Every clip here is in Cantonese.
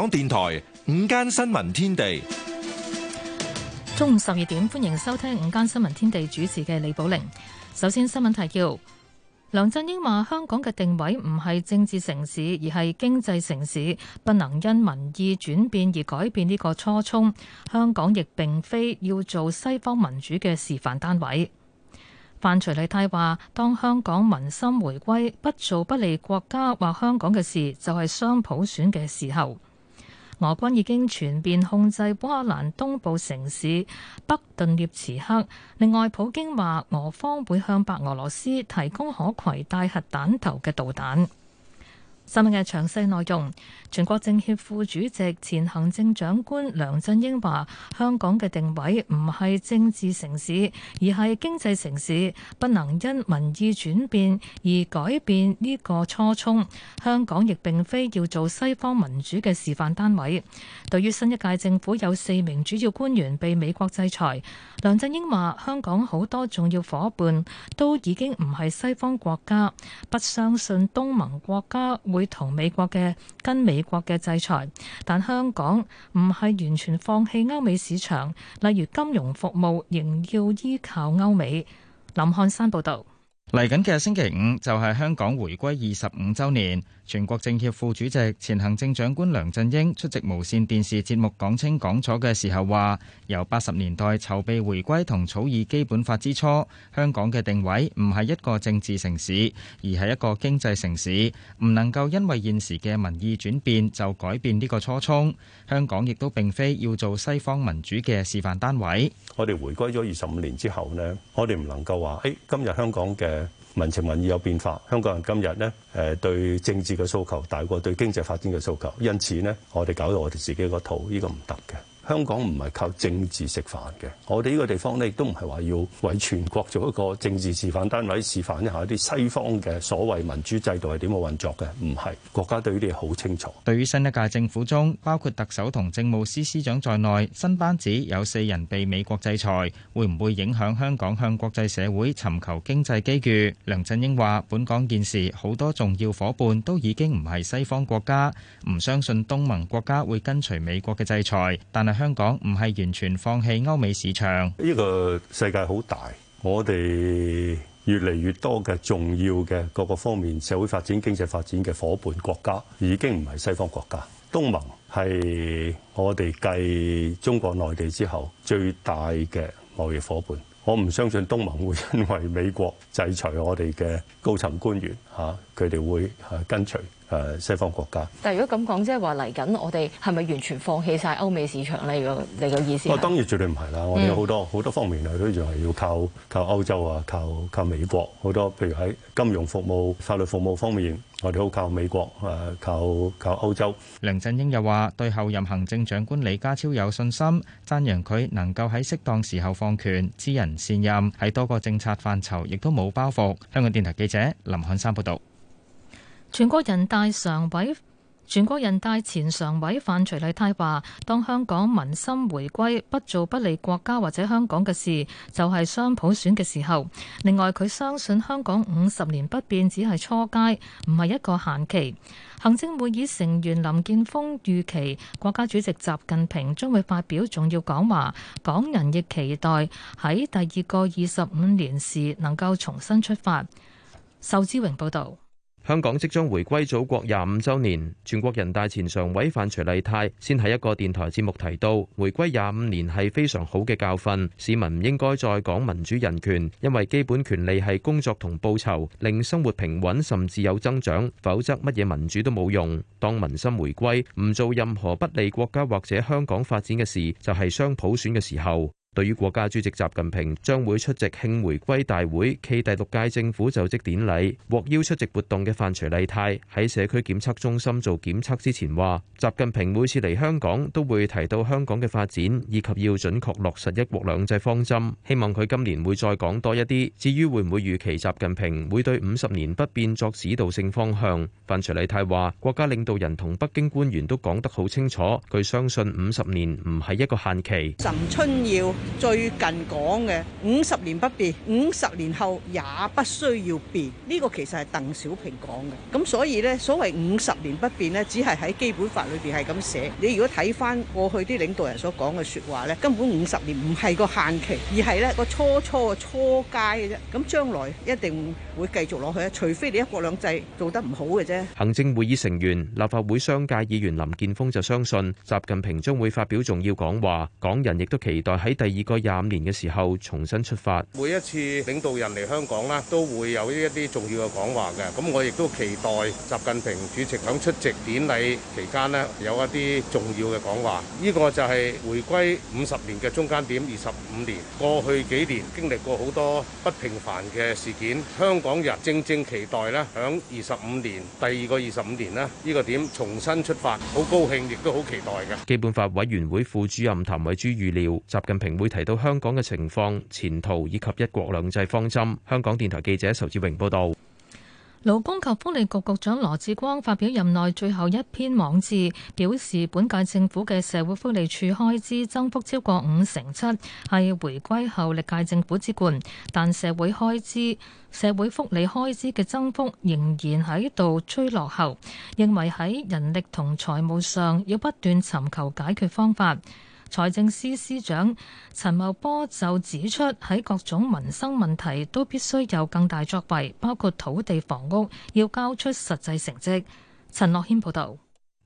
港電台午間新聞天地，中午十二點，歡迎收聽午間新聞天地，主持嘅李寶玲。首先，新聞提要：梁振英話，香港嘅定位唔係政治城市，而係經濟城市，不能因民意轉變而改變呢個初衷。香港亦並非要做西方民主嘅示範單位。范徐麗泰話：當香港民心回歸，不做不利國家或香港嘅事，就係雙普選嘅時候。俄軍已經全面控制烏克蘭東部城市北頓涅茨克。另外，普京話俄方會向白俄羅斯提供可攜帶核彈頭嘅導彈。新聞嘅詳細內容，全國政協副主席、前行政長官梁振英話：香港嘅定位唔係政治城市，而係經濟城市，不能因民意轉變而改變呢個初衷。香港亦並非要做西方民主嘅示範單位。對於新一屆政府有四名主要官員被美國制裁，梁振英話：香港好多重要夥伴都已經唔係西方國家，不相信東盟國家會會同美國嘅跟美國嘅制裁，但香港唔係完全放棄歐美市場，例如金融服務仍要依靠歐美。林漢山報道。嚟緊嘅星期五就係香港回歸二十五周年。全國政協副主席、前行政長官梁振英出席無線電視節目講清講楚嘅時候話：由八十年代籌備回歸同草擬基本法之初，香港嘅定位唔係一個政治城市，而係一個經濟城市。唔能夠因為現時嘅民意轉變就改變呢個初衷。香港亦都並非要做西方民主嘅示範單位。我哋回歸咗二十五年之後呢，我哋唔能夠話，誒，今日香港嘅民情民意有變化，香港人今日咧誒對政治嘅訴求大過對經濟發展嘅訴求，因此咧我哋搞到我哋自己的、這個肚，呢個唔得嘅。香港唔係靠政治食飯嘅，我哋呢個地方咧亦都唔係話要為全國做一個政治示範單位，示範一下啲西方嘅所謂民主制度係點樣運作嘅，唔係。國家對呢啲嘢好清楚。對於新一屆政府中，包括特首同政務司司長在內，新班子有四人被美國制裁，會唔會影響香港向國際社會尋求經濟機遇？梁振英話，本港現時好多重要伙伴都已經唔係西方國家，唔相信東盟國家會跟隨美國嘅制裁，但係。香港唔係完全放棄歐美市場，呢個世界好大，我哋越嚟越多嘅重要嘅各個方面社會發展、經濟發展嘅夥伴國家已經唔係西方國家。東盟係我哋繼中國內地之後最大嘅貿易夥伴，我唔相信東盟會因為美國制裁我哋嘅高層官員吓，佢哋會嚇跟隨。誒西方國家，但係如果咁講，即係話嚟緊，我哋係咪完全放棄晒歐美市場呢？如果你個意思，哦，當然絕對唔係啦，我哋有好多好多方面啊，都仲係要靠靠歐洲啊，靠靠美國，好多譬如喺金融服務、法律服務方面，我哋好靠美國啊，靠靠歐洲。梁振英又話對後任行政長官李家超有信心，讚揚佢能夠喺適當時候放權、知人善任，喺多個政策範疇亦都冇包袱。香港電台記者林漢山報道。全國人大常委、全國人大前常委范徐麗泰話：當香港民心回歸，不做不利國家或者香港嘅事，就係、是、雙普選嘅時候。另外，佢相信香港五十年不變只係初階，唔係一個限期。行政會議成員林健鋒預期，國家主席習近平將會發表重要講話。港人亦期待喺第二個二十五年時能夠重新出發。仇志榮報導。香港即將回歸祖國廿五周年，全國人大前常委范徐麗泰先喺一個電台節目提到，回歸廿五年係非常好嘅教訓，市民唔應該再講民主人權，因為基本權利係工作同報酬，令生活平穩甚至有增長，否則乜嘢民主都冇用。當民心回歸，唔做任何不利國家或者香港發展嘅事，就係雙普選嘅時候。對於國家主席習近平將會出席慶回歸大會暨第六屆政府就職典禮，獲邀出席活動嘅范徐麗泰喺社區檢測中心做檢測之前話，習近平每次嚟香港都會提到香港嘅發展以及要準確落實一國兩制方針，希望佢今年會再講多一啲。至於會唔會預期習近平會對五十年不變作指導性方向，范徐麗泰話，國家領導人同北京官員都講得好清楚，佢相信五十年唔係一個限期。岑春耀最近講嘅五十年不變，五十年後也不需要變。呢個其實係鄧小平講嘅。咁所以呢，所謂五十年不變呢，只係喺基本法裏邊係咁寫。你如果睇返過去啲領導人所講嘅説話呢，根本五十年唔係個限期，而係呢個初初嘅初階嘅啫。咁將來一定會繼續落去，除非你一國兩制做得唔好嘅啫。行政會議成員、立法會商界議員林建峰就相信，習近平將會發表重要講話，港人亦都期待喺第二個廿五年嘅時候重新出發。每一次領導人嚟香港啦，都會有一啲重要嘅講話嘅。咁我亦都期待習近平主席響出席典禮期間咧，有一啲重要嘅講話。依個就係回歸五十年嘅中間點，二十五年。過去幾年經歷過好多不平凡嘅事件，香港人正正期待咧，響二十五年第二個二十五年啦，依個點重新出發，好高興，亦都好期待嘅。基本法委員會副主任譚惠珠預料習近平。會提到香港嘅情況、前途以及一國兩制方針。香港電台記者仇志榮報導，勞工及福利局局長羅致光發表任內最後一篇網誌，表示本屆政府嘅社會福利處開支增幅超過五成七，係回歸後歷屆政府之冠。但社會開支、社會福利開支嘅增幅仍然喺度追落後，認為喺人力同財務上要不斷尋求解決方法。財政司司長陳茂波就指出，喺各種民生問題都必須有更大作為，包括土地、房屋，要交出實際成績。陳樂軒報道，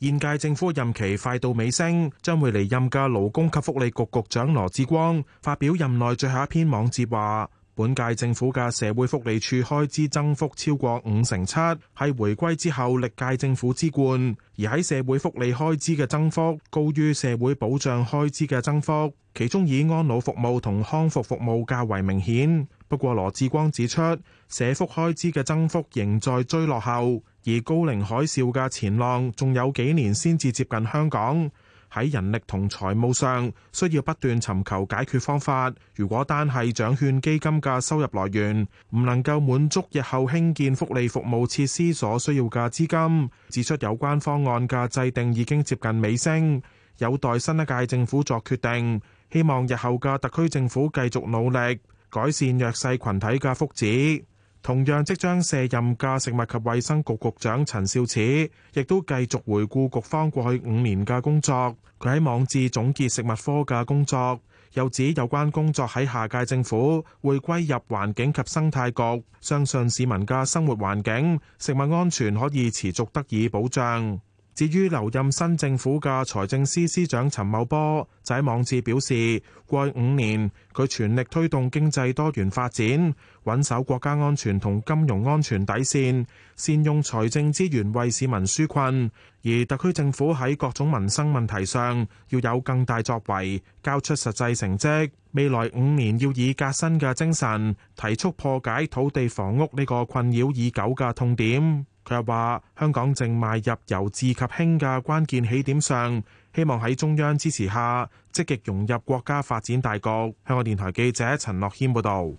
現屆政府任期快到尾聲，將會離任嘅勞工及福利局局長羅致光發表任內最後一篇網誌話。本屆政府嘅社會福利處開支增幅超過五成七，係回歸之後歷屆政府之冠。而喺社會福利開支嘅增幅高於社會保障開支嘅增幅，其中以安老服務同康復服務較為明顯。不過羅致光指出，社福開支嘅增幅仍在追落後，而高齡海嘯嘅前浪仲有幾年先至接近香港。喺人力同財務上需要不斷尋求解決方法。如果單係獎券基金嘅收入來源唔能夠滿足日後興建福利服務設施所需要嘅資金，指出有關方案嘅制定已經接近尾聲，有待新一屆政府作決定。希望日後嘅特區政府繼續努力改善弱勢群體嘅福祉。同樣即將卸任嘅食物及衛生局局長陳肇始，亦都繼續回顧局方過去五年嘅工作。佢喺網誌總結食物科嘅工作，又指有關工作喺下屆政府會歸入環境及生態局，相信市民嘅生活環境、食物安全可以持續得以保障。至於留任新政府嘅財政司司長陳茂波，在網誌表示：過去五年，佢全力推動經濟多元發展，穩守國家安全同金融安全底線，善用財政資源為市民紓困。而特區政府喺各種民生問題上要有更大作為，交出實際成績。未來五年要以革新嘅精神，提速破解土地房屋呢個困擾已久嘅痛點。佢又話：香港正邁入由治及興嘅關鍵起點上，希望喺中央支持下，積極融入國家發展大局。香港電台記者陳樂軒報導，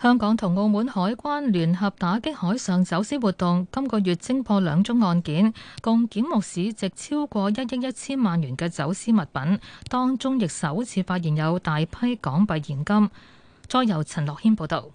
香港同澳門海關聯合打擊海上走私活動，今個月偵破兩宗案件，共檢獲市值超過一億一千萬元嘅走私物品，當中亦首次發現有大批港幣現金。再由陳樂軒報導。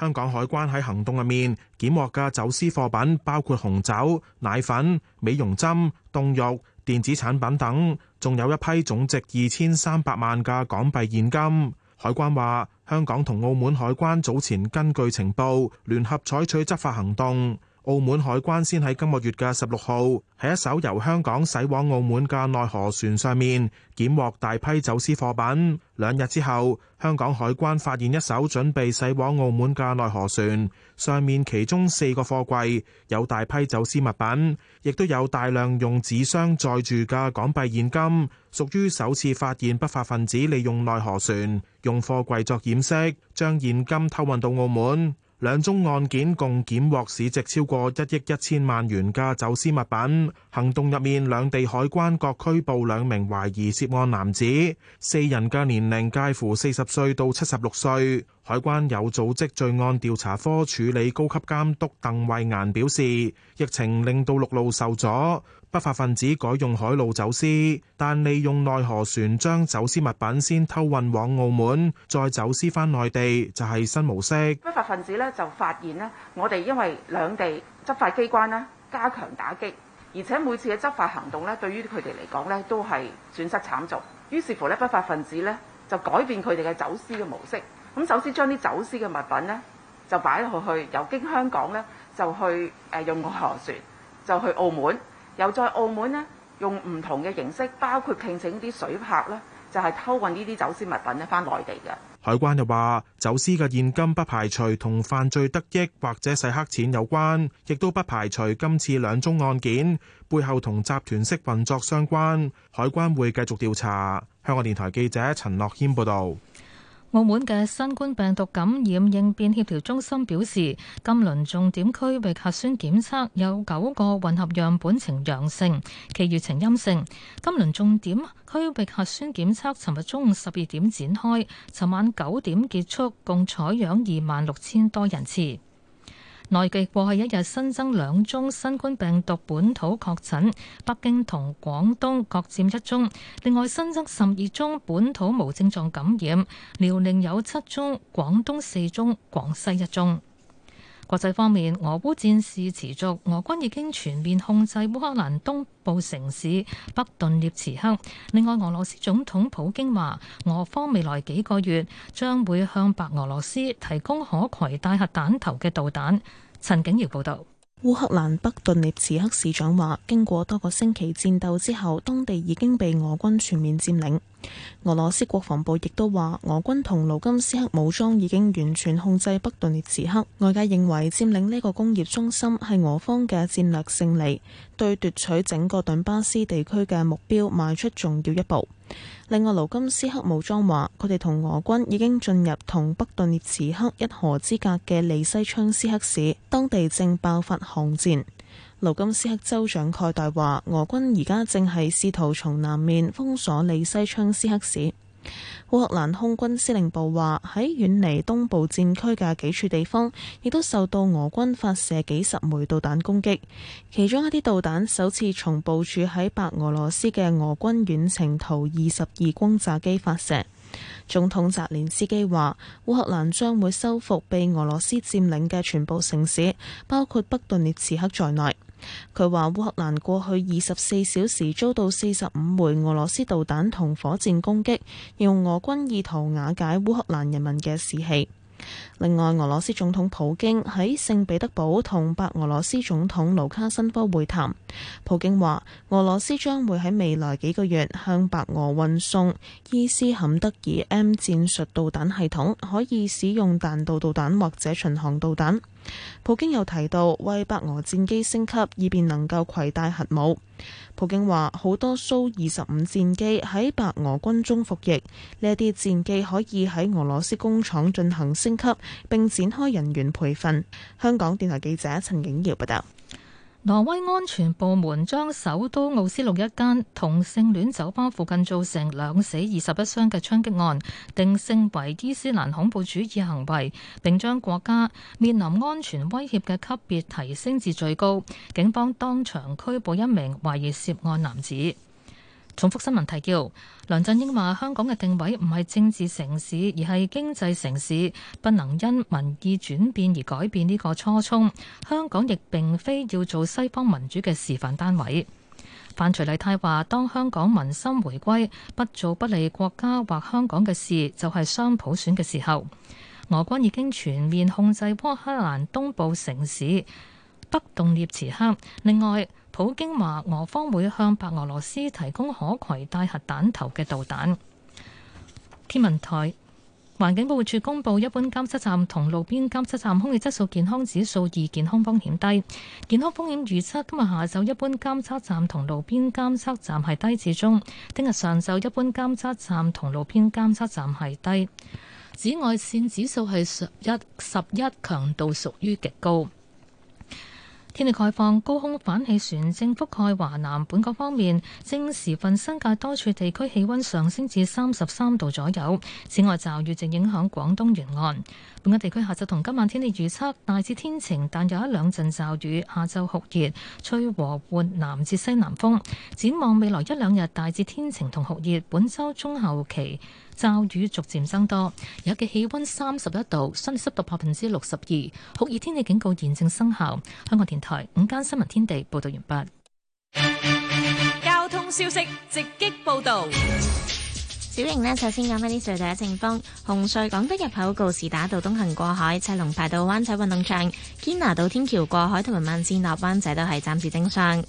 香港海關喺行動入面檢獲嘅走私貨品包括紅酒、奶粉、美容針、凍肉、電子產品等，仲有一批總值二千三百萬嘅港幣現金。海關話香港同澳門海關早前根據情報聯合採取執法行動。澳門海關先喺今個月嘅十六號，喺一艘由香港駛往澳門嘅內河船上面，檢獲大批走私貨品。兩日之後，香港海關發現一艘準備駛往澳門嘅內河船，上面其中四個貨櫃有大批走私物品，亦都有大量用紙箱載住嘅港幣現金，屬於首次發現不法分子利用內河船用貨櫃作掩飾，將現金偷運到澳門。兩宗案件共檢獲市值超過一億一千萬元嘅走私物品。行動入面，兩地海關各拘捕兩名懷疑涉案男子，四人嘅年齡介乎四十歲到七十六歲。海關有組織罪案調查科處理高級監督鄧慧顏表示，疫情令到陸路受阻，不法分子改用海路走私，但利用內河船將走私物品先偷運往澳門，再走私翻內地，就係新模式。不法分子咧就發現呢，我哋因為兩地執法機關呢加強打擊，而且每次嘅執法行動呢對於佢哋嚟講呢都係損失慘重，於是乎呢，不法分子呢就改變佢哋嘅走私嘅模式。咁首先將啲走私嘅物品呢，就擺落去，由經香港呢，就去誒、呃、用個河船，就去澳門，又再澳門呢，用唔同嘅形式，包括聘請啲水客呢，就係、是、偷運呢啲走私物品呢翻內地嘅。海關又話，走私嘅現金不排除同犯罪得益或者洗黑錢有關，亦都不排除今次兩宗案件背後同集團式運作相關。海關會繼續調查。香港電台記者陳樂軒報導。澳門嘅新冠病毒感染應變協調中心表示，今輪重點區域核酸檢測有九個混合樣本呈陽性，其餘呈陰性。今輪重點區域核酸檢測尋日中午十二點展開，尋晚九點結束，共採樣二萬六千多人次。內地過去一日新增兩宗新冠病毒本土確診，北京同廣東各佔一宗，另外新增十二宗本土無症狀感染，遼寧有七宗，廣東四宗，廣西一宗。國際方面，俄烏戰事持續，俄軍已經全面控制烏克蘭東部城市北頓涅茨克。另外，俄羅斯總統普京話，俄方未來幾個月將會向白俄羅斯提供可攜帶核彈頭嘅導彈。陳景堯報道，烏克蘭北頓涅茨克市長話，經過多個星期戰鬥之後，當地已經被俄軍全面佔領。俄羅斯國防部亦都話，俄軍同盧甘斯克武裝已經完全控制北頓涅茨克。外界認為佔領呢個工業中心係俄方嘅戰略勝利，對奪取整個頓巴斯地區嘅目標邁出重要一步。另外，盧甘斯克武裝話，佢哋同俄軍已經進入同北頓涅茨克一河之隔嘅利西昌斯克市，當地正爆發巷戰。盧金斯克州長蓋代話，俄軍而家正係試圖從南面封鎖利西昌斯克市。烏克蘭空軍司令部話，喺遠離東部戰區嘅幾處地方，亦都受到俄軍發射幾十枚導彈攻擊，其中一啲導彈首次從部署喺白俄羅斯嘅俄軍遠程圖二十二轟炸機發射。總統澤連斯基話，烏克蘭將會收復被俄羅斯佔領嘅全部城市，包括北頓涅茨克在內。佢話烏克蘭過去二十四小時遭到四十五枚俄羅斯導彈同火箭攻擊，用俄軍意圖瓦解烏克蘭人民嘅士氣。另外，俄羅斯總統普京喺聖彼得堡同白俄羅斯總統盧卡申科會談。普京話俄羅斯將會喺未來幾個月向白俄運送伊斯坎德爾 M 戰術導彈系統，可以使用彈道導彈或者巡航導彈。普京又提到，為白俄戰機升級，以便能夠攜帶核武。普京話，好多蘇二十五戰機喺白俄軍中服役，呢一啲戰機可以喺俄羅斯工廠進行升級，並展開人員培訓。香港電台記者陳景瑤報道。挪威安全部門將首都奧斯陸一間同性戀酒吧附近造成兩死二十一傷嘅槍擊案定性為伊斯蘭恐怖主義行為，並將國家面臨安全威脅嘅級別提升至最高，警方當場拘捕一名懷疑涉案男子。重複新聞提要，梁振英話：香港嘅定位唔係政治城市，而係經濟城市，不能因民意轉變而改變呢個初衷。香港亦並非要做西方民主嘅示範單位。范徐麗泰話：當香港民心回歸，不做不利國家或香港嘅事，就係雙普選嘅時候。俄軍已經全面控制烏克蘭東部城市北頓涅茨克。另外，普京話俄方會向白俄羅斯提供可攜帶核彈頭嘅導彈。天文台、環境保護署公布，一般監測站同路邊監測站空氣質素健康指數二，健康風險低。健康風險預測，今日下晝一般監測站同路邊監測站係低至中，聽日上晝一般監測站同路邊監測站係低。紫外線指數係十一，十一強度屬於極高。天氣概況，高空反氣旋正覆蓋華南，本國方面，正時分新界多處地區氣温上升至三十三度左右。此外，驟雨正影響廣東沿岸。本港地區下晝同今晚天氣預測大致天晴，但有一兩陣驟雨。下晝酷熱，吹和緩南至西南風。展望未來一兩日大致天晴同酷熱。本週中後期，驟雨逐漸增多，而家嘅氣温三十一度，新濕度百分之六十二，酷熱天氣警告現正生效。香港電台午間新聞天地報道完畢。交通消息直擊報導，小玲呢，首先講翻啲隧道嘅情況。紅隧港島入口告士打道東行過海，車龍排到灣仔運動場；堅拿道天橋過海同埋慢線落灣仔都係暫時正常。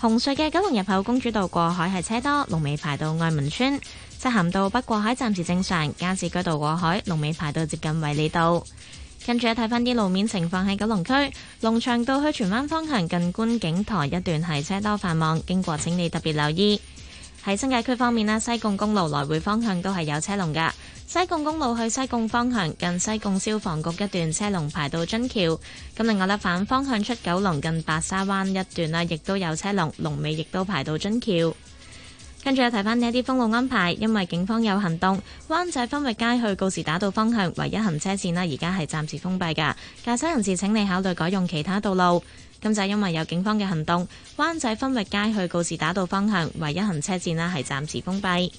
紅隧嘅九龍入口公主道過海係車多，龍尾排到愛民村。西咸道北過海暫時正常，加士居道過海龍尾排到接近衛理道。跟住睇返啲路面情況，喺九龍區，龍翔道去荃灣方向近觀景台一段係車多繁忙，經過請你特別留意。喺新界區方面呢，西貢公路來回方向都係有車龍㗎。西貢公路去西貢方向近西貢消防局一段車龍排到津橋，咁另外呢，反方向出九龍近白沙灣一段啦，亦都有車龍，龍尾亦都排到津橋。跟住又睇翻呢一啲封路安排，因為警方有行動，灣仔分域街去告士打道方向唯一行車線啦，而家係暫時封閉嘅，駕駛人士請你考慮改用其他道路。噉就因為有警方嘅行動，灣仔分域街去告士打道方向唯一行車線啦，係暫時封閉。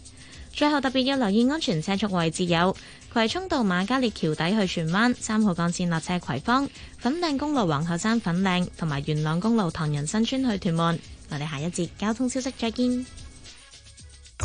最後特別要留意安全車速位置有葵涌道馬嘉烈橋底去荃灣、三號幹線落車葵芳、粉嶺公路皇后山粉嶺、同埋元朗公路唐人新村去屯門。我哋下一節交通消息，再見。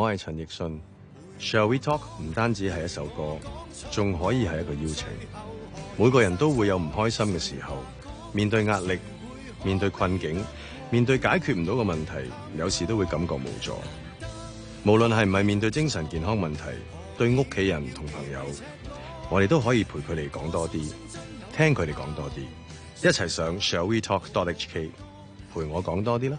我係陳奕迅，Shall We Talk 唔單止係一首歌，仲可以係一個邀請。每個人都會有唔開心嘅時候，面對壓力，面對困境，面對解決唔到嘅問題，有時都會感覺無助。無論係唔係面對精神健康問題，對屋企人同朋友，我哋都可以陪佢哋講多啲，聽佢哋講多啲，一齊上 shallwetalk.hk 陪我講多啲啦。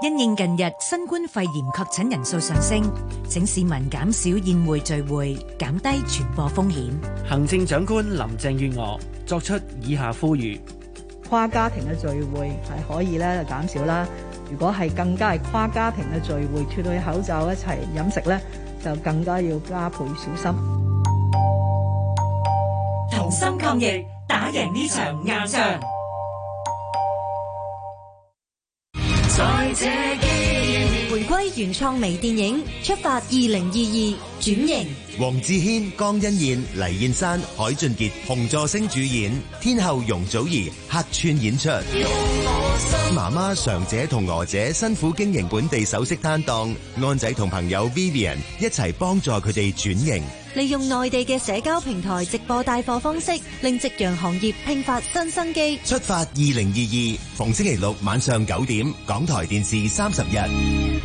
因應近日新冠肺炎確診人數上升，請市民減少宴會聚會，減低傳播風險。行政長官林鄭月娥作出以下呼籲：跨家庭嘅聚會係可以咧就減少啦，如果係更加係跨家庭嘅聚會，脫去口罩一齊飲食咧，就更加要加倍小心。同心抗疫，打贏呢場硬仗。回歸原創微電影，出發二零二二轉型。黃志謙、江欣燕、黎燕珊、海俊傑紅座星主演，天后容祖兒客串演出。媽媽常姐同娥姐辛苦經營本地首飾攤檔，安仔同朋友 Vivian 一齊幫助佢哋轉型。利用內地嘅社交平台直播帶貨方式，令夕陽行業煥發新生機。出發二零二二逢星期六晚上九點，港台電視三十日。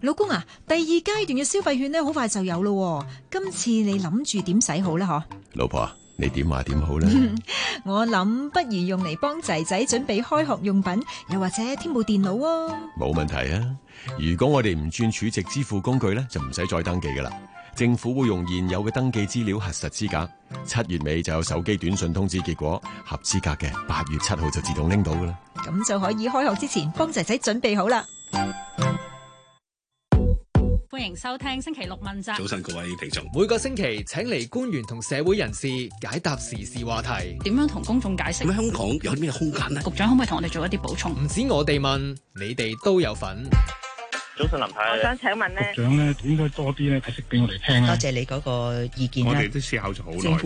老公啊，第二階段嘅消費券咧，好快就有咯。今次你諗住點使好咧？嗬，老婆。你點話點好咧？ 我諗不如用嚟幫仔仔準備開學用品，又或者添部電腦哦。冇問題啊！如果我哋唔轉儲值支付工具咧，就唔使再登記噶啦。政府會用現有嘅登記資料核實資格，七月尾就有手機短信通知結果，合資格嘅八月七號就自動拎到噶啦。咁就可以開學之前幫仔仔準備好啦。 歡迎收聽星期六問責。早晨各位聽眾，每個星期請嚟官員同社會人士解答時事話題，點樣同公眾解釋？香港有啲咩空間咧？局長可唔可以同我哋做一啲補充？唔止我哋問，你哋都有份。早晨林太，我想請問呢局長咧應該多啲咧解釋俾我哋聽。多謝你嗰個意見啊。我哋都思考咗好耐。